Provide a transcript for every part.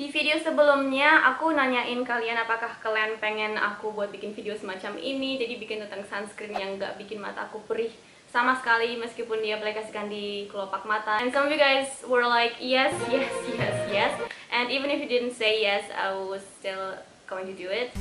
Di video sebelumnya aku nanyain kalian apakah kalian pengen aku buat bikin video semacam ini Jadi bikin tentang sunscreen yang gak bikin mata aku perih sama sekali meskipun dia aplikasikan di kelopak mata And some of you guys were like yes, yes, yes, yes And even if you didn't say yes, I was still going to do it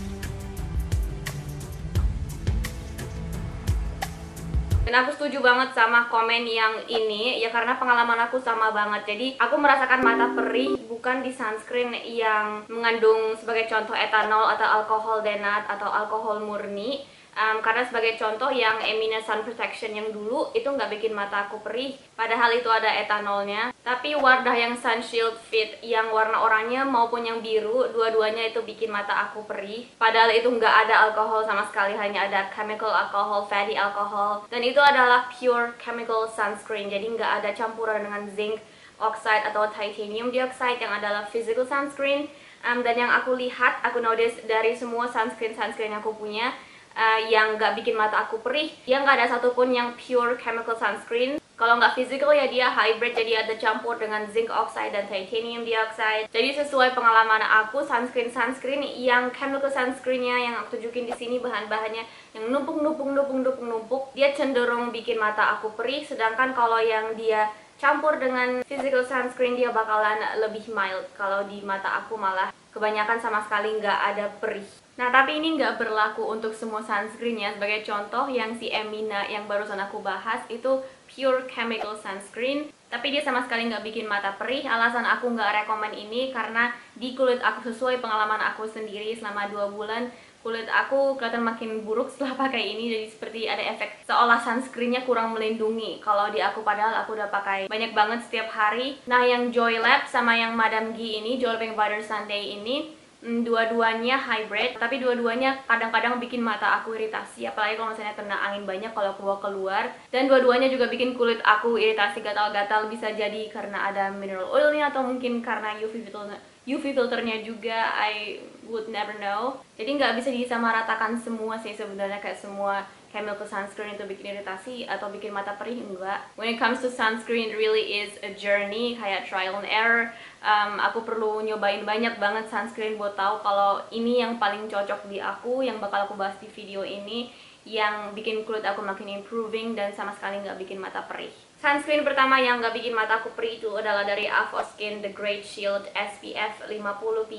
Dan aku setuju banget sama komen yang ini ya karena pengalaman aku sama banget. Jadi aku merasakan mata perih bukan di sunscreen yang mengandung sebagai contoh etanol atau alkohol denat atau alkohol murni um, karena sebagai contoh yang Emina Sun Protection yang dulu itu nggak bikin mata aku perih padahal itu ada etanolnya tapi Wardah yang Sun Shield Fit yang warna oranye maupun yang biru dua-duanya itu bikin mata aku perih padahal itu nggak ada alkohol sama sekali hanya ada chemical alcohol, fatty alcohol dan itu adalah pure chemical sunscreen jadi nggak ada campuran dengan zinc oxide atau titanium dioxide yang adalah physical sunscreen um, dan yang aku lihat, aku notice dari semua sunscreen-sunscreen yang aku punya uh, yang gak bikin mata aku perih dia gak ada satupun yang pure chemical sunscreen kalau nggak physical ya dia hybrid jadi ada campur dengan zinc oxide dan titanium dioxide jadi sesuai pengalaman aku sunscreen sunscreen yang chemical sunscreennya yang aku tunjukin di sini bahan-bahannya yang numpuk numpuk numpuk numpuk numpuk dia cenderung bikin mata aku perih sedangkan kalau yang dia campur dengan physical sunscreen dia bakalan lebih mild kalau di mata aku malah kebanyakan sama sekali nggak ada perih Nah, tapi ini nggak berlaku untuk semua sunscreen ya. Sebagai contoh, yang si Emina yang barusan aku bahas itu pure chemical sunscreen. Tapi dia sama sekali nggak bikin mata perih. Alasan aku nggak rekomen ini karena di kulit aku sesuai pengalaman aku sendiri selama 2 bulan kulit aku kelihatan makin buruk setelah pakai ini jadi seperti ada efek seolah sunscreennya kurang melindungi kalau di aku padahal aku udah pakai banyak banget setiap hari nah yang Joy Lab sama yang Madam G ini Joy Lab Butter Sunday ini Hmm, dua-duanya hybrid tapi dua-duanya kadang-kadang bikin mata aku iritasi apalagi kalau misalnya kena angin banyak kalau keluar keluar dan dua-duanya juga bikin kulit aku iritasi gatal-gatal bisa jadi karena ada mineral oilnya atau mungkin karena UV filternya UV filternya juga I would never know jadi nggak bisa disamaratakan semua sih sebenarnya kayak semua chemical sunscreen itu bikin iritasi atau bikin mata perih enggak when it comes to sunscreen really is a journey kayak trial and error um, aku perlu nyobain banyak banget sunscreen buat tahu kalau ini yang paling cocok di aku yang bakal aku bahas di video ini yang bikin kulit aku makin improving dan sama sekali nggak bikin mata perih. Sunscreen pertama yang nggak bikin mata aku perih itu adalah dari Avon Skin The Great Shield SPF 50 PA+++++.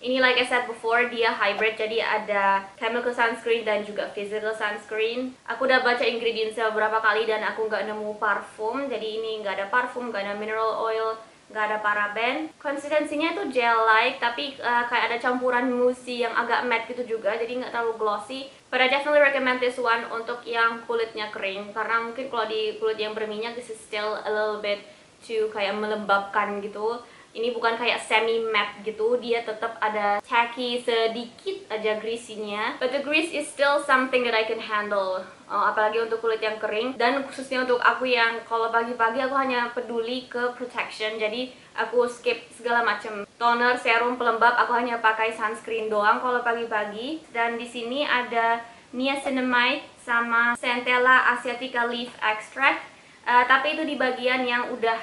Ini like I said before, dia hybrid, jadi ada chemical sunscreen dan juga physical sunscreen. Aku udah baca ingredientsnya beberapa kali dan aku nggak nemu parfum, jadi ini nggak ada parfum, nggak ada mineral oil, nggak ada paraben konsistensinya tuh gel like tapi uh, kayak ada campuran musi yang agak matte gitu juga jadi nggak terlalu glossy but I definitely recommend this one untuk yang kulitnya kering karena mungkin kalau di kulit yang berminyak this is still a little bit too kayak melembabkan gitu ini bukan kayak semi matte gitu dia tetap ada tacky sedikit aja greasy-nya. but the grease is still something that I can handle Eh, apalagi untuk kulit yang kering dan khususnya untuk aku yang kalau pagi-pagi aku hanya peduli ke protection jadi aku skip segala macam toner, serum, pelembab aku hanya pakai sunscreen doang kalau pagi-pagi dan di sini ada niacinamide sama centella asiatica leaf extract uh, tapi itu di bagian yang udah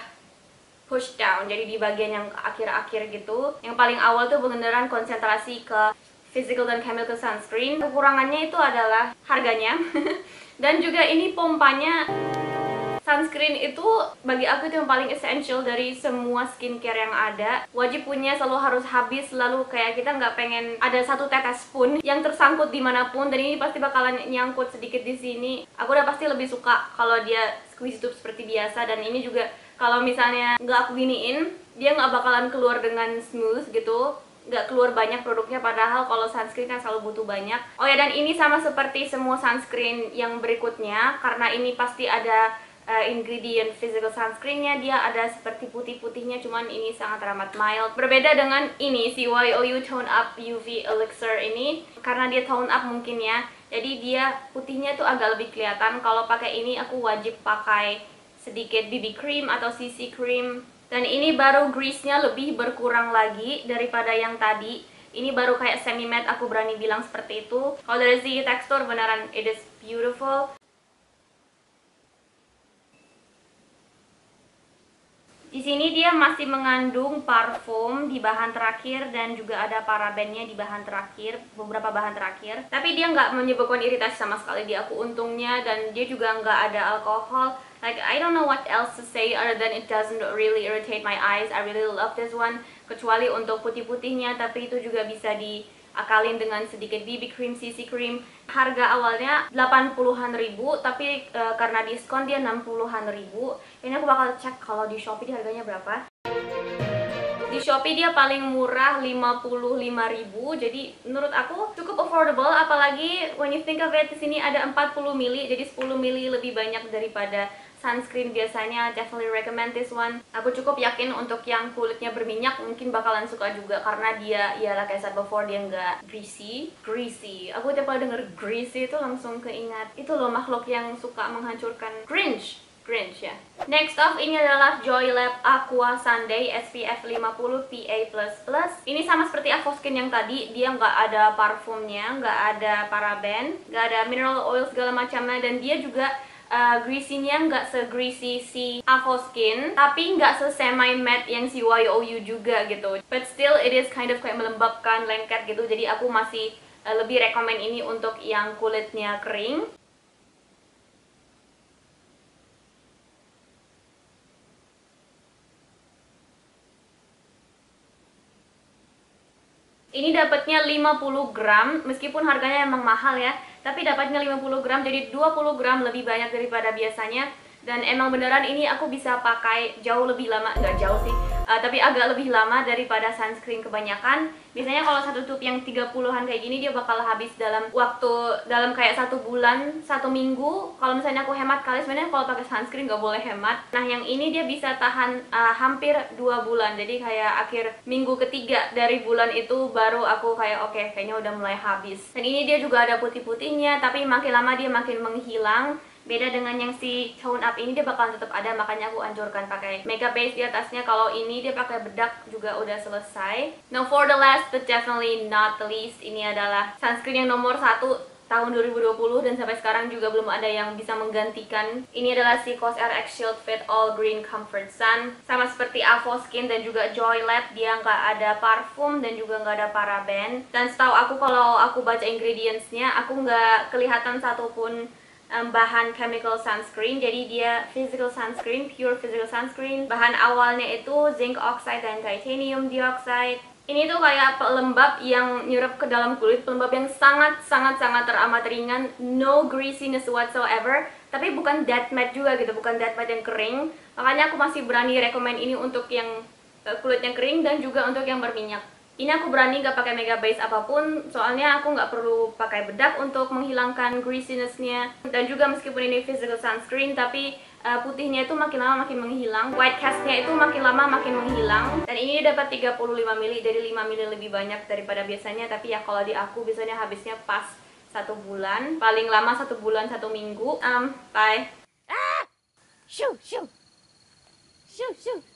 push down jadi di bagian yang akhir-akhir gitu yang paling awal tuh beneran konsentrasi ke physical dan chemical sunscreen. Kekurangannya itu adalah harganya dan juga ini pompanya. Sunscreen itu bagi aku itu yang paling essential dari semua skincare yang ada Wajib punya selalu harus habis Lalu kayak kita nggak pengen ada satu tetes pun Yang tersangkut dimanapun Dan ini pasti bakalan nyangkut sedikit di sini Aku udah pasti lebih suka kalau dia squeeze tube seperti biasa Dan ini juga kalau misalnya nggak aku giniin Dia nggak bakalan keluar dengan smooth gitu nggak keluar banyak produknya padahal kalau sunscreen kan selalu butuh banyak oh ya dan ini sama seperti semua sunscreen yang berikutnya karena ini pasti ada uh, ingredient physical sunscreennya dia ada seperti putih-putihnya cuman ini sangat ramah mild berbeda dengan ini si YOU Tone Up UV Elixir ini karena dia tone up mungkin ya jadi dia putihnya tuh agak lebih kelihatan kalau pakai ini aku wajib pakai sedikit BB cream atau CC cream dan ini baru grease-nya lebih berkurang lagi daripada yang tadi. Ini baru kayak semi matte, aku berani bilang seperti itu. Kalau dari segi tekstur beneran it is beautiful. Di sini dia masih mengandung parfum di bahan terakhir dan juga ada parabennya di bahan terakhir, beberapa bahan terakhir. Tapi dia nggak menyebabkan iritasi sama sekali di aku untungnya dan dia juga nggak ada alkohol. Like I don't know what else to say other than it doesn't really irritate my eyes. I really love this one. Kecuali untuk putih-putihnya, tapi itu juga bisa di akalin dengan sedikit BB cream, CC cream. Harga awalnya 80-an ribu, tapi e, karena diskon dia 60-an ribu. Ini aku bakal cek kalau di Shopee di harganya berapa di Shopee dia paling murah 55.000 jadi menurut aku cukup affordable apalagi when you think of it di sini ada 40 mili jadi 10 mili lebih banyak daripada sunscreen biasanya definitely recommend this one aku cukup yakin untuk yang kulitnya berminyak mungkin bakalan suka juga karena dia ialah kayak said before dia nggak greasy greasy aku tiap kali denger greasy itu langsung keingat itu loh makhluk yang suka menghancurkan cringe Grinch ya. Next up ini adalah Joylab Aqua Sunday SPF 50 PA++. Ini sama seperti Avoskin yang tadi, dia nggak ada parfumnya, nggak ada paraben, nggak ada mineral oil segala macamnya, dan dia juga uh, eh, greasy-nya nggak se-greasy si Avoskin, tapi nggak se-semi matte yang si YOU juga gitu. But still it is kind of kayak melembabkan, lengket gitu, jadi aku masih uh, lebih rekomen ini untuk yang kulitnya kering Ini dapatnya 50 gram, meskipun harganya emang mahal ya, tapi dapatnya 50 gram jadi 20 gram lebih banyak daripada biasanya dan emang beneran ini aku bisa pakai jauh lebih lama nggak jauh sih uh, tapi agak lebih lama daripada sunscreen kebanyakan biasanya kalau satu tube yang 30-an kayak gini dia bakal habis dalam waktu dalam kayak satu bulan satu minggu kalau misalnya aku hemat kali sebenarnya kalau pakai sunscreen nggak boleh hemat nah yang ini dia bisa tahan uh, hampir dua bulan jadi kayak akhir minggu ketiga dari bulan itu baru aku kayak oke okay, kayaknya udah mulai habis dan ini dia juga ada putih-putihnya tapi makin lama dia makin menghilang beda dengan yang si tone up ini dia bakalan tetap ada makanya aku anjurkan pakai mega base di atasnya kalau ini dia pakai bedak juga udah selesai now for the last but definitely not the least ini adalah sunscreen yang nomor satu tahun 2020 dan sampai sekarang juga belum ada yang bisa menggantikan. Ini adalah si Cos RX Shield Fit All Green Comfort Sun. Sama seperti Avo Skin dan juga Joy Lab, dia nggak ada parfum dan juga nggak ada paraben. Dan setahu aku kalau aku baca ingredientsnya, aku nggak kelihatan satupun um, bahan chemical sunscreen jadi dia physical sunscreen pure physical sunscreen bahan awalnya itu zinc oxide dan titanium dioxide ini tuh kayak pelembab yang nyerap ke dalam kulit, pelembab yang sangat-sangat-sangat teramat ringan, no greasiness whatsoever, tapi bukan dead matte juga gitu, bukan dead matte yang kering. Makanya aku masih berani rekomend ini untuk yang eh, kulit yang kering dan juga untuk yang berminyak. Ini aku berani gak pakai mega base apapun, soalnya aku gak perlu pakai bedak untuk menghilangkan greasinessnya. Dan juga meskipun ini physical sunscreen, tapi uh, putihnya itu makin lama makin menghilang. White castnya itu makin lama makin menghilang. Dan ini dapat 35 mili, jadi 5 mili lebih banyak daripada biasanya. Tapi ya kalau di aku biasanya habisnya pas satu bulan, paling lama satu bulan satu minggu. Um, bye. Ah! Shoo, shoo. Shoo, shoo.